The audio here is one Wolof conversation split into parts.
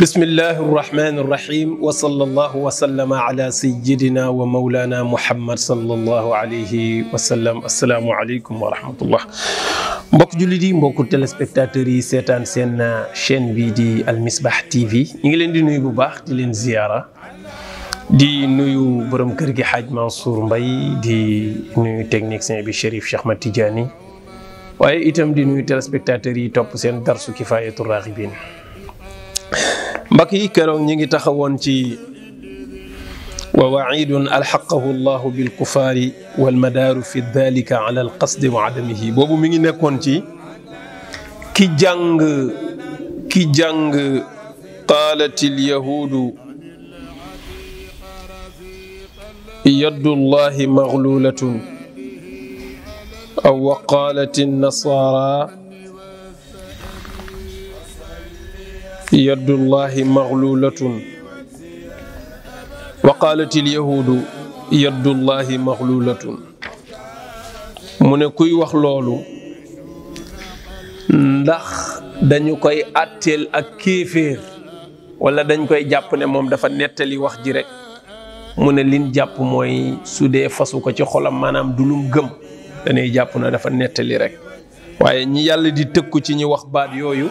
بسم الله الرحمن الرحيم وصلى الله وسلم على سيدنا ومولانا محمد صلى الله عليه وسلم السلام عليكم ورحمة الله mbokk jullit yi mbokku téléspectateurs yi seetaan seen euh, chaîne bi di almisbah tv ñu ngi leen di nuyu bu baax di leen ziyaara di nuyu borom kër gi xaaj Mansour mbay di nuyu technicien bi Chérif Cheikh Ahmad Tidiane waaye itam di nuyu téléspectateurs yi topp seen darsu Kifayatur Raghibin mbokk yi keroog ñu ngi taxawoon ci ووعيد الحقه الله بالكفار والمدار في ذلك على القصد وعدمه بوبو ميغي نيكون تي كي جانغ كي جانغ قالت اليهود يد الله مغلولة أو وقالت النصارى يد الله مغلوله wa qaalat il yahuudu yaddullahi maxlulatun mu ne kuy wax loolu ndax dañu koy àtteel ak kéeféer wala dañ koy jàpp ne moom dafa nettali wax ji rekk mu ne liñ jàpp mooy su dee fasu ko ci xolam maanaam du lum gëm danay jàpp na dafa nettali rek waaye ñi yàlla di tëkku ci ñi wax baat yooyu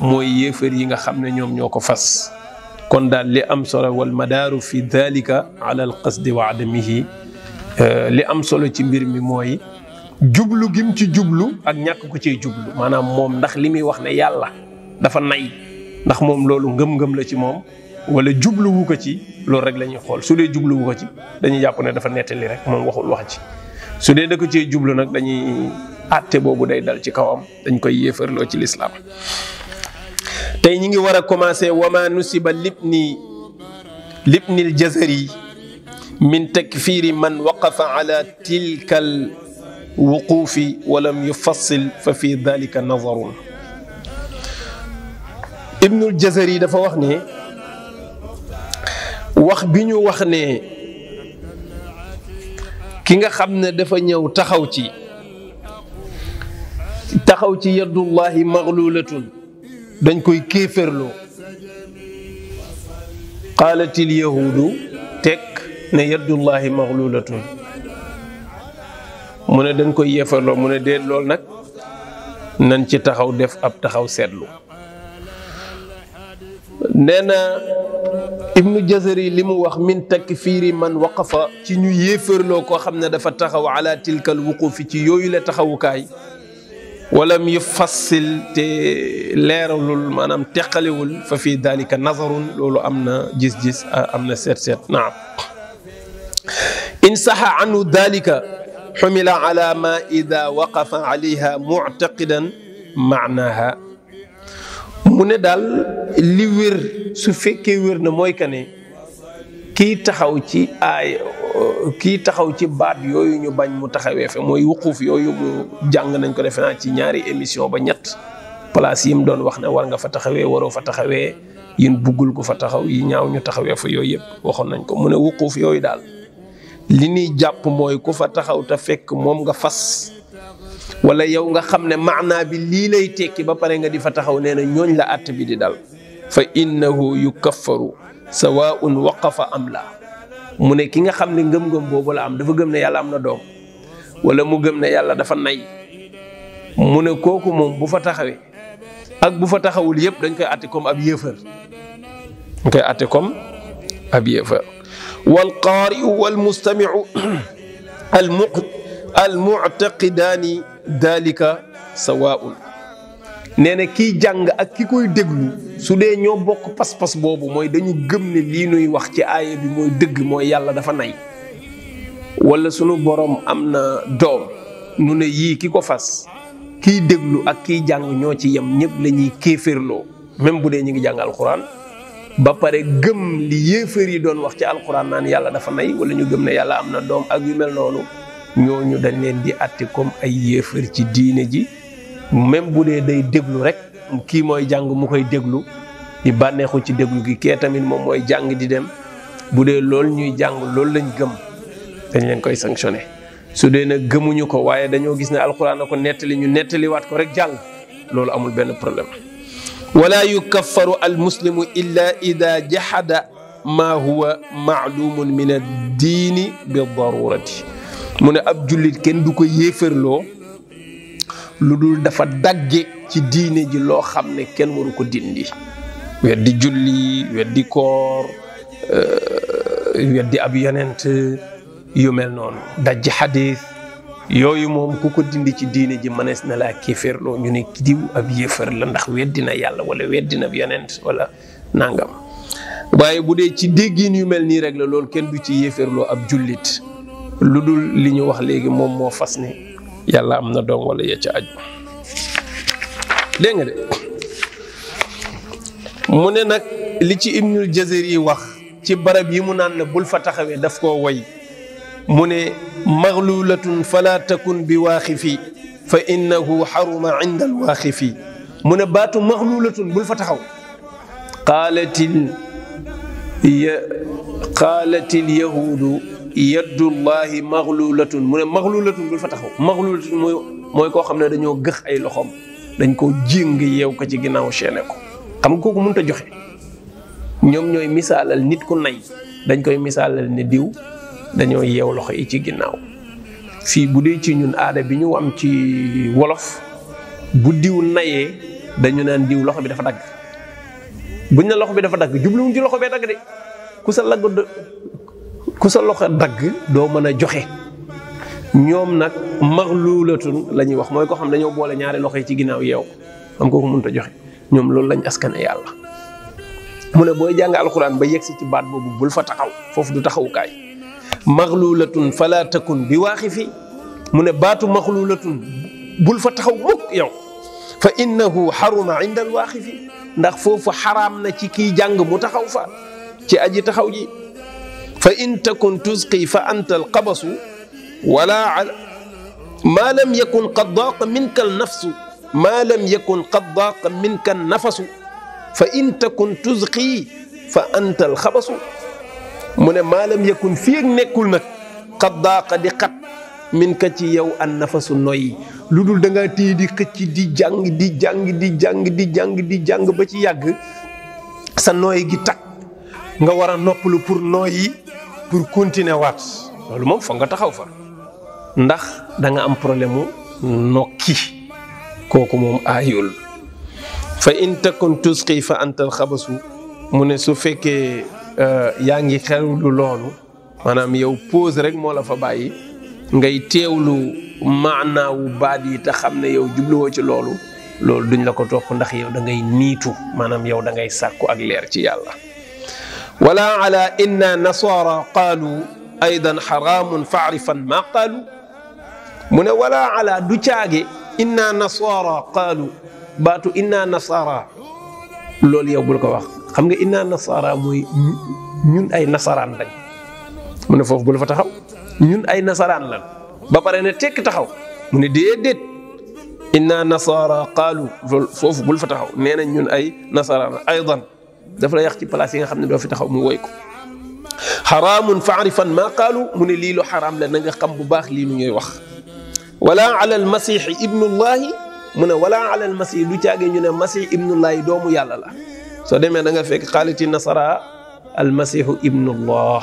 mooy yéefar yi nga xam ne ñoom ñoo ko fas kon daal li am solo wal madaaru fi dalika ala al qasdi wa adamihi euh, li am solo ci mbir mi mooy jublu gim ci jublu ak ñàkk ko ciy jublu maanaam moom ndax li muy wax ne yàlla dafa nay ndax moom loolu ngëm-ngëm la ci moom wala jubluwu ko ci loolu rek lañuy xool su dee jubluwu ko ci dañuy jàpp ne dafa nettali rek moom waxul wax ci su dee da ko jublu nag dañuy àtte boobu day dal ci kawam dañ koy yéefarloo ci lislaam تي نيغي ورا كومانسي وما نسب لابن لابن الجزري من تكفير من وقف على تلك الوقوف ولم يفصل ففي ذلك نظر ابن الجزري دا فا وخني واخ بي نيو واخني كيغا خامن دا فا نييو تاخاو تي تاخاو تي يد الله مغلوله dañ koy kéeférloo qaalatil yahuudu teg ne yaddullahi maxlulatun mu ne dañ koy yéefarloo mu ne déet lool nag nañ ci taxaw def ab taxaw seetlu nee na ibnu jazari li mu wax min takfiiri man waqafa ci ñu yéefarloo koo xam ne dafa taxaw ala tilkal wuqufi ci yooyu la taxawukaay ولم يفصل ليرول مانام تخاليول ففي ذلك نظر لولو امنا جيس جيس امنا سير سير نعم ان صح عنه ذلك حمل على ما اذا وقف عليها معتقدا معناها من دال لي وير سو فكي ورنا موي كاني kii taxaw ci aay kii taxaw ci baat yooyu ñu bañ mu taxawee fe mooy wuquuf yooyu mu jàng nañ ko defe naa ci ñaari émission ba ñett place yi mu doon wax ne war nga fa taxawee waroo fa taxawee yin buggul ko fa taxaw yi ñaaw ñu taxawee fa yooyu yëpp waxoon nañ ko mu ne wukkuuf yooyu daal li ñuy jàpp mooy ku fa taxaw te fekk moom nga fas wala yow nga xam ne maanaa bi lii lay tekki ba pare nga di fa taxaw nee na ñooñ la àtt bi di dal fa innahu yukaffaru sawaun waqafa am la mu ne ki nga xam ne ngëm-ngëm boobu la am dafa gëm ne yàlla am na doom wala mu gëm ne yàlla dafa nay mu ne kooku moom bu fa taxawee ak bu fa taxawul yëpp dañ koy àtte comme ab yéefar dañ koy àtte comme ab yéefar wal qaari'u wal mustami'u al mu'taqidaani dalika sawaun nee na kiy jàng ak ki koy déglu su dee ñoo bokk pas-pas boobu mooy dañu gëm ne lii nuy wax ci aaya bi mooy dëgg mooy yàlla dafa nay wala sunu borom am na doom nu ne yii ki ko fas kiy déglu ak kiy jàng ñoo ci yem ñëpp lañuy ñuy kéeférloo même bu dee ñu ngi jàng alxuraan ba pare gëm li yéeféer yi doon wax ci alxuraan naan yàlla dafa nay wala ñu gëm ne yàlla am na doom ak yu mel noonu ñooñu dañ leen di àtte comme ay yéeféer ci diine ji même bu dee day déglu rek kii mooy jàng mu koy déglu di bànneexu ci déglu gi kee tamit moom mooy jàng di dem bu dee lool ñuy jàng loolu lañ gëm dañ leen koy sanctionné su dee nag gëmuñu ko waaye dañoo gis ne alxuraan a ko nettali ñu nettaliwaat ko rek jàll loolu amul benn problème wala yu al muslimu illa ida jahada ma huwa maalumun min ad diini bi darurati mu ne ab jullit kenn du ko yéefarloo lu dul dafa dagge ci diine ji loo xam ne kenn waru ko dindi weddi julli weddi koor euh, weddi ab yonent yu mel noonu dajj xadis yooyu moom ku ko dindi ci diine ji mënees na laa kéeféerloo ñu ne kidiw ab yéefar la ndax weddi na yàlla wala weddi na ab yonent wala nangam waaye bu dee ci déggin yu mel nii rek la loolu kenn du ci yéeféerloo ab jullit lu dul li ñu wax léegi moom moo fas ne yàlla am na doom wala ya ca aju de mu ne nag li ci Ibnul Jazari wax ci barab yi mu naan la bul fa taxawee daf koo woy mu ne maxlulatun fala takun bi waaxifi fa innahu xaruma inda alwaaxifi mu ne baatu maxlulatun bul fa taxaw qaalatil ya qaalatil yaddullahi maxlulatun mu ne maxlulatun bul fa taxaw maxlulatun mooy mooy koo xam ne dañoo gëx ay loxoom dañ koo ko jéng yeew ko ci ginnaaw chaîne ko xam nga kooku mënut a joxe ñoom ñooy misaalal nit ku nay dañ koy misaalal ne diw dañoo yeew loxo yi ci ginnaaw fii bu dee ci ñun aada bi ñu am ci wolof bu diw nayee dañu naan diw loxo bi dafa dagg buñ ne loxo bi dafa dagg jubluwuñ ci loxo bee dagg de ku sa lagg ku sa loxo dagg doo mën a joxe ñoom nag maxluulatun la ñuy wax mooy ko xam dañoo boole ñaari loxo yi ci ginnaaw yeew am kooku mënut a joxe ñoom loolu lañ askane yàlla mu ne booy jàng alxuraan ba yegsi ci baat boobu bul fa taxaw foofu du taxawukaay maxluulatun fala takun bi waaxi fi mu ne baatu maxluulatun bul fa taxaw mukk yow fa innahu xaruma inda alwaaxi fi ndax foofu xaraam na ci kii jàng mu taxaw fa ci aji taxaw ji fa in takun tusqi fa anta alqabasu wala maa lam yakun qad minka alnafsu maa fa in takun tusqi fa anta alxabasu mu ne maa lam yakun fii ak nekkul nag qad di xat minka ci yow an nafasu noyyi lu dul danga ngaa téye di xëcc di jàng di jàng di jàng di jàng di jàng ba ci yàgg sa nooy gi takk nga war a noppalu pour nooyi pour continuer wat lolou mom fa nga taxaw fa ndax da nga am problème mu nokki koku mom ayul fa in takun tusqi fa antal al-khabasu mune su fekkee euh, yaa ngi xewlu lolou manam yow pause rek mo la fa bayyi ngay tewlu makna wu badi ta xamne yow djublu wo ci lolou lolou duñ la ko top ndax yow da ngay nitu manam yow da ngay sakku ak leer ci yalla wala ala inna nasara qaalu aydan xaraamun faarifan maa qaalu mu ne wala ala du caage inna nasara kaalu baatu inna nasara loolu yow bul ko wax xam nga inna nasara mooy ñun ay nasaraan lañ mu ne foofu bul fa taxaw ñun ay nasaraan lañ ba pare ne tekk taxaw mu ne déedéet inna nasara qaalu loolu foofu bul fa taxaw nee nañ ñun ay nasaraan aydan dafa la yàq ci place yi nga xam ne doo fi taxaw mu woy ko xaraamun faarifan maa qaalu mu ne lii lu xaraam la na nga xam bu baax lii lu ñuy wax wala ala al masiixi ibnullahi mu ne wala ala al masiix du caage ñu ne masiix ibnullahi doomu yàlla la soo demee da nga fekk xaaliti nasara al masiixu ibnullah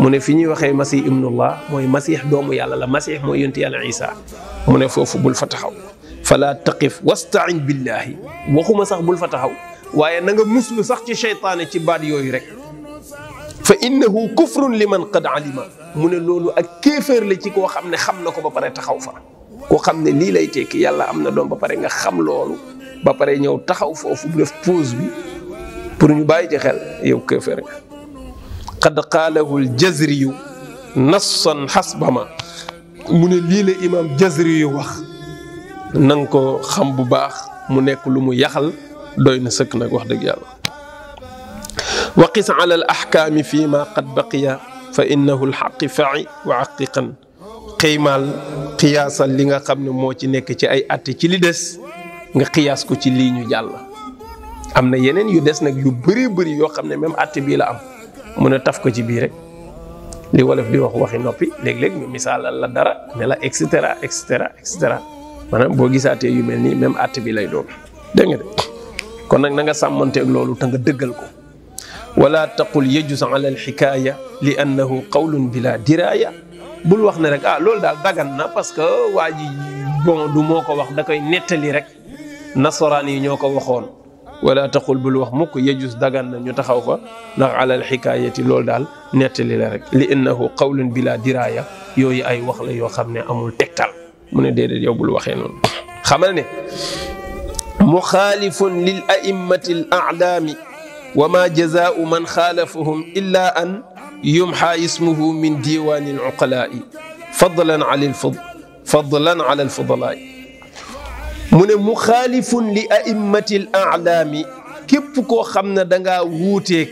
mu ne fi ñuy waxee masiix ibnullah mooy masiix doomu yàlla la masiix mooy yonti yàlla isa mu ne foofu bul fa taxaw fala taqif wastain billahi waxuma sax bul fa taxaw waye na nga muslu sax ci shaytan ci baat yoy rek fa innahu kufrun liman qad alima mune ne ak kefer la ci ko xamne ne xam na ko ba pare taxaw fa ko xamne li lay tek yàlla amna dom ba pare nga xam loolu ba pare ñëw taxaw fofu def pause bi pour ñu bàyyi ci xel yow kefer nga qad qaalahu ljazriyu nassan hasbama mune li lii la imaam jazri wax nang ko xam bu baax mu nek lu mu yaxal doy na sëkk nag wax dëgg yàlla wa sa alal al axkaami fi ma qad baqiya fa innahu lxaqi fai wa aqiqan xiimaal xiyaasal li nga xam ne moo ci nekk ci ay atte ci li des nga xiyaas ko ci lii ñu jàll am na yeneen yu des nag yu bëri bari yoo xam ne même atte bii la am mun a taf ko ci bii rek li wolof bi wax waxi noppi léeg-léeg misaalal la dara ne la et cetera et cetera et cetera maanaam boo gisaatee yu mel nii même atte bi lay doon dégg de kon nag na nga sàmmanteeg loolu te nga dëggal ko wala taqul yajus ala alxikaaya li annahu qawlun bila diraaya bul wax ne rek ah loolu daal dagan na parce que waa ji bon du moo ko wax da koy nettali rek nasaraan yi ñoo ko waxoon wala taqul bul wax mukk yajus dagan na ñu taxaw fa ndax ala alxikaayati loolu daal nettali la rek li annahu qawlun bila diraaya yooyu ay wax la yoo xam ne amul tegtal mu ne déedéet yow bul waxee noonu xamal ne مخالف للأئمة الأعلام وما جزاء من خالفهم إلا أن يمحى اسمه من ديوان العقلاء فضلا على الفضل فضلا على الفضلاء من مخالف لأئمة الأعلام كيف كو خمنا دنگا ووتيك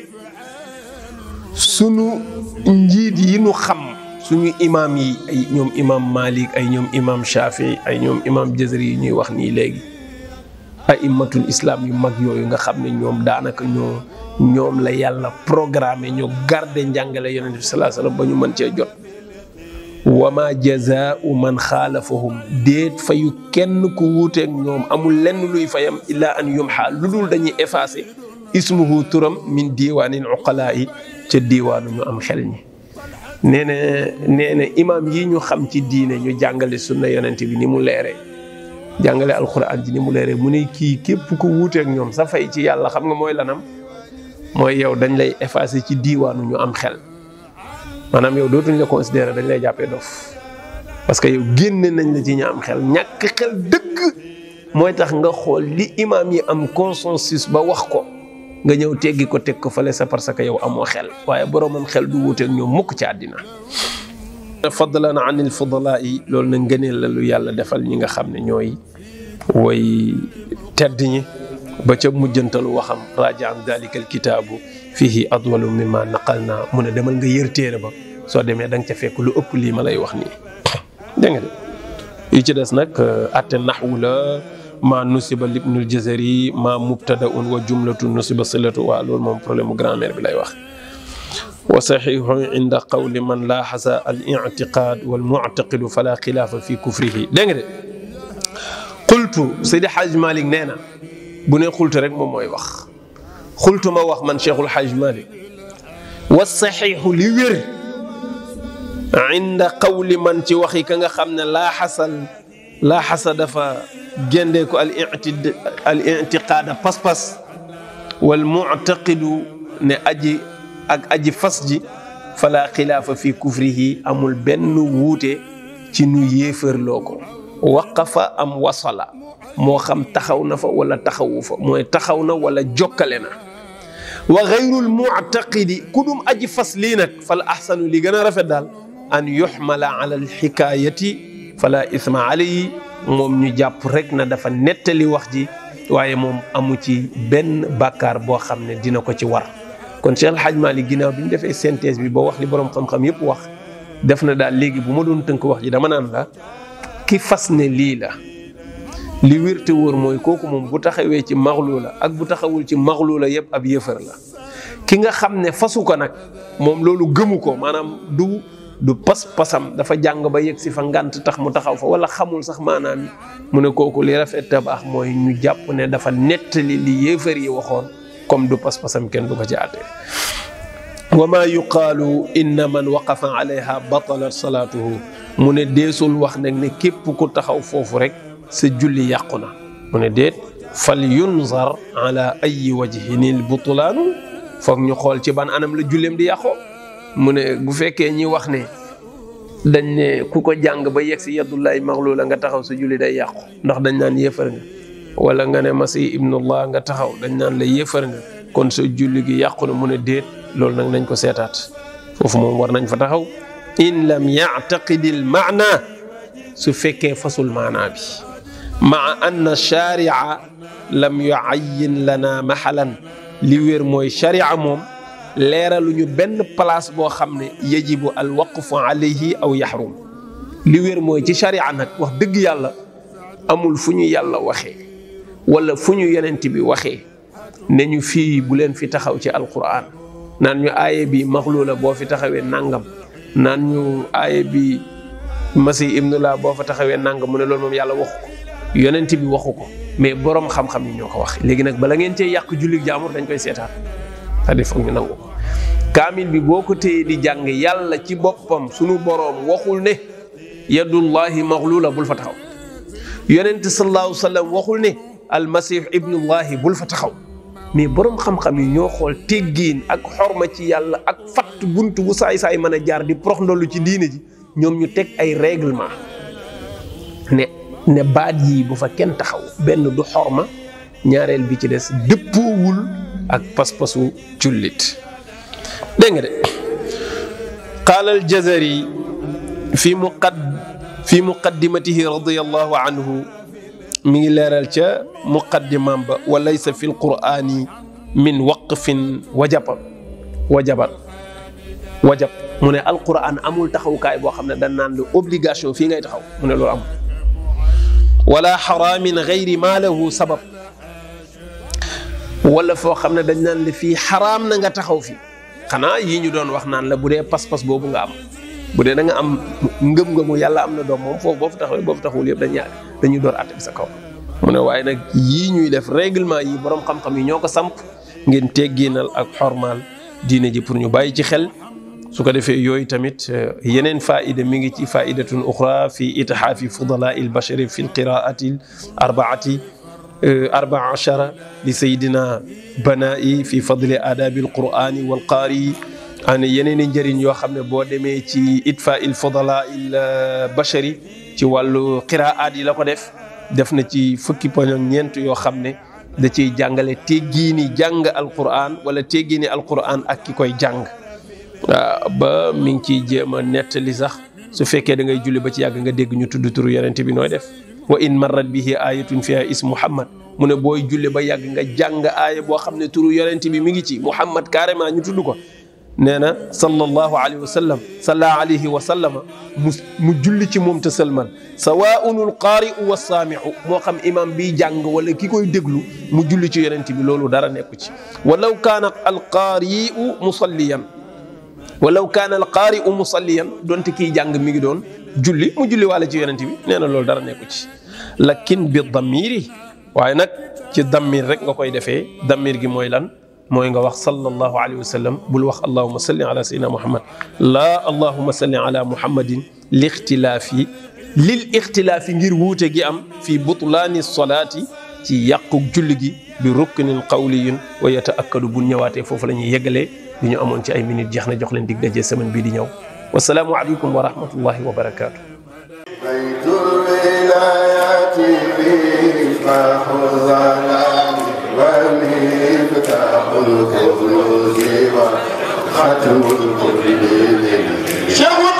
سنو نجيد ينو خم سنو إمامي أي نيوم إمام مالك أي نيوم إمام شافعي أي نيوم إمام جزري ني وخني لغي ay immatul islam yu mag yooyu nga xam ne ñoom daanaka ñoo ñoom la yàlla programmé ñoo garde njàngale yonent bi salaa salaam ba ñu mën cee jot wama jazaau man xaalafahum déet fayu kenn ku wuuteeg ñoom amul lenn luy fayam illaa an yumxa lu dul dañuy effacé ismuhu turam min diiwaanin uqalaa yi ca diiwaanu ñu am xel ñi nee na nee na imaam yi ñu xam ci diine ñu jàngale sunna yonent bi ni mu leere jàngale alxuraan ji ni mu leeree mu ne kii képp ko wuuteek ñoom sa fay ci yàlla xam nga mooy lanam mooy yow dañ lay effacer ci diwaanu ñu am xel maanaam yow dootuñ la considérer dañ lay jàppee dof parce que yow génne nañ la ci ñu am xel ñàkk xel dëkk mooy tax nga xool li imaam yi am consensus ba wax ko nga ñëw teggi ko teg ko fale sa parce que yow amoo xel waaye boroomam xel du wuuteek ñoom mukk ci àddina fadlan na ànd fudalaa yi loolu na ngëneel la yàlla defal ñi nga xam ne ñooy وي تدني بشم جنتل وخم راجع عن ذلك الكتاب فيه أضول مما نقلنا من دمان غير تيربا سو دمي دانك تفي كل اوب لي مالاي واخني دنگ دي يجي داس نك ات النحو لا ما نصب لابن الجزري ما مبتدا وجملة نصب صلة ولول مام بروبليم غرامير بلاي واخ وصحيح عند قول من لاحظ الاعتقاد والمعتقد فلا خلاف في كفره دنگ دي xultu Seydi Xaaj Malik nee na bu ne xultu rek moom mooy wax xultu ma wax man Cheikhul Xaaj Malik wa saxiixu li wér inda qawli man ci waxi ka nga xam ne laa xasal laa xasa dafa géndee ko al icti pas-pas wal muctaqidu ne aji ak aji fas ji fala xilaafa fi kufrihi amul benn wuute ci nu yéefërloo ko waqafa am wasala moo xam taxaw na fa wala taxawu fa mooy taxaw na wala jokkale na wa gayrul muctaqidi ku dum aji fas lii nag fal axsanu li gën a rafet daal an yuxmala ala alxikaayati fala isma alayhi moom ñu jàpp rek na dafa nettali wax ji waaye moom amu ci benn bàkkaar boo xam ne dina ko ci war kon Cheikh El Hadj Malick ginnaaw bi ñu defee synthèse bi ba wax li borom xam-xam yëpp wax def na daal léegi bu ma doon tënk wax ji dama naan la ki fas ne lii la li wér wóor mooy kooku moom bu taxawee ci maxlu la ak bu taxawul ci maxlu la yëpp ab yëfër la ki nga xam ne fasu ko nag moom loolu gëmu ko maanaam du du pas-pasam dafa jàng ba yegg si fa ngànt tax mu taxaw fa wala xamul sax maanaam mu ne kooku li rafet a baax mooy ñu jàpp ne dafa nettali li yéefar yi waxoon comme du pas-pasam kenn du ko ci àtte wama yuqaalu inna man waqafa alayha batala salaatuhu mu ne deesul wax nag ne képp ku taxaw foofu rek sa julli yàqu na mu ne déet fal yunzar ala ayi wajhinil butulaanu foog ñu xool ci ban anam la julleem di yàqoo mu ne bu fekkee ñi wax ne dañ ne ku ko jàng ba yegg si yadullahi maxlu la nga taxaw sa julli day yàqu ndax dañ naan yéefar nga wala nga ne masi ibnullah nga taxaw dañ naan la yéefar nga kon sa julli gi yàqu na mu ne déet لول نك نانكو سيتات فوفو موم وار نان فا تاخاو ان لم يعتقد المعنى سو فكه فصل معنى بي مع ان الشارع لم يعين لنا محلا لي وير موي شريعه موم ليرالو ني بن بلاص بو خامني يجب الوقف عليه او يحرم لي وير موي تي شريعه نك واخ دغ يالا امول فونو يالا واخي ولا فونو يلانتي بي واخي نانيو في بولين في تخاو تي القران naan ñu aaye bi maxlu la boo fi taxawee nangam naan ñu aaye bi masi ibnu laa boo fa taxawee nangam mu ne loolu moom yàlla waxu ko yonent bi waxu ko mais borom xam-xam yi ñoo ko wax léegi nag bala ngeen cee yàq jullit jaamur dañ koy seetaan c'est-à-dire foog ñu nangu kaamil bi boo ko téye di jàng yàlla ci boppam sunu boroom waxul ne yadullahi maxlula bul fa taxaw yonent sallallahu sallam waxul ne almasih ibnullahi bul fa taxaw mais boroom xam-xam yi ñoo xool teggiin ak xorma ci yàlla ak fatt bunt bu saay-saay mën a jaar di prox ndollu ci diine ji ñoom ñu teg ay réglement ne ne baat yi bu fa kenn taxaw benn du xorma ñaareel bi ci des dëppoowul ak pas-pasu jullit dégg nga de qaala al-Jazari fi muqad fi muqaddimatihi radiyallahu anhu mi ngi leeral ca muqaddimam ba wa laysa fi lqurani min waqfin wajaba wajaban wajab mu ne alquran amul taxawukaay boo xam ne dañ naan lu obligation fii ngay taxaw mu ne loolu amul wala xaraamin gayri maa lahu sabab wala foo xam ne dañ naan la fii xaraam na nga taxaw fi xanaa yii ñu doon wax naan la bu dee pas-pas boobu nga am bu dee da nga am ngëm-ngëmu yàlla am na doom moom foofu boo fa taxawee taxawul yëpp dañ yàgg dañuy door àtte sa kaw mune way nak yi ñuy def règlement yi borom xam-xam yi ñoko samp ngeen téggénal ak hormal diine ji pour ñu bàyyi ci xel su ko défé yoy tamit yenen faida mi ngi ci faidatun ukhra fi itihaafi fudala'il bashar fi alqira'ati arbaati arbaa achara li sayidina banaa'i fi fadli aadaabi alqur'ani walqaari ana yeneen i njëriñ yoo xam ne boo demee ci wàllu xiraat yi la ko def def na ci fukki poñ ñeent yoo xam ne da ciy jàngale teggiini jàng alquran wala teggiini alquran ak ki koy jàng ba mi ngi ciy jéem a nettali sax su fekkee da ngay julli ba ci yàgg nga dégg ñu tudd turu yonent bi nooy def wa in marrat bihi ayatun fiha ismu muhammad mu ne booy julli ba yàgg nga jàng aaya boo xam ne turu yonent bi mi ngi ci muhammad carrément ñu tudd ko nee na sallallahu alayhi wa sallam salla alayhi wa sallama mu mu julli ci moom te salman sawaunul qaari'u wa saami'u moo xam imam bi jàng wala ki koy déglu mu julli ci yonent bi loolu dara nekku ci walaw kaana al qaari'u musalliyan walaw kaana al qaari'u musalliyan donte kiy jàng mi ngi doon julli mu julli wala ci yonent bi nee na loolu dara nekku ci lakin bi damiri waaye nag ci damir rek nga koy defee damir gi mooy lan mooy nga wax sallallahu alayhi wa sallam bul wax allahuma salli ala sayyidina muhammad laa allahuma salli ala muhammadin li ixtilaafi lil ixtilaafi ngir wuute gi am fi butlaani solaati ci yàqu julli gi bi ruknin qawliyin wa yata akkadu bu ñëwaatee foofu la ñuy yeggalee li ñu amoon ci ay minutes jeex na jox leen dig dajee semaine bii di ñëw wasalaamu aleykum wa rahmatullahi wa barakaatu بيت الولايات فيه فخزنا Shall we